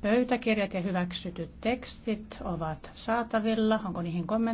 Pöytäkirjat ja hyväksytyt tekstit ovat saatavilla. Onko niihin kommentteja?